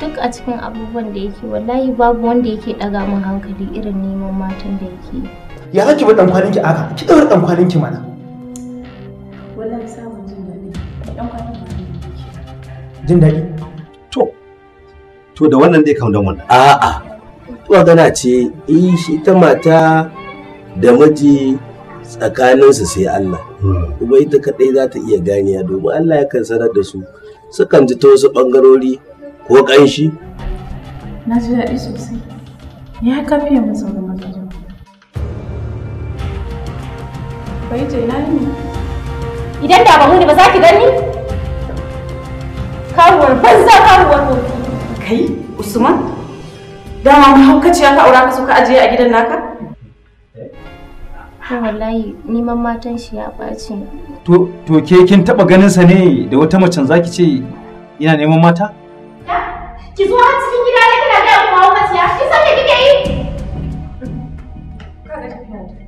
duk a cikin abubuwan da yake wallahi babu wanda yake ɗaga mun hankali irin neman matan da yake ya za ki ɗan kwanin ki aka ki ɗaura ɗan kwanin ki mana wallahi samu jin daɗi ɗan kwanin jin daɗi to to da wannan dai kam da wannan a'a to gana ce eh shi ta mata da miji tsakaninsu sai Allah kuma ita kaɗai za ta iya ganiya domin Allah kan sanar da su sukan ji ta wasu ɓangarori ko ƙanshi. Na ji daɗi sosai ya kafi mu sauran mazajen. Bai ce na ne? Idan da ba mu ne ba za ki gani? Karuwar banza karuwar hoto. Kai Usman? Dama mu haukaciya ka aura ka so ka ajiye a gidan naka? ko wallahi neman matan shi ya ɓaci to to ke kin taba ganin sa ne da wata macen zaki ce ina neman mata ki zo har cikin gida ne kana ga kuma ya ki san kike yi kaga tafiya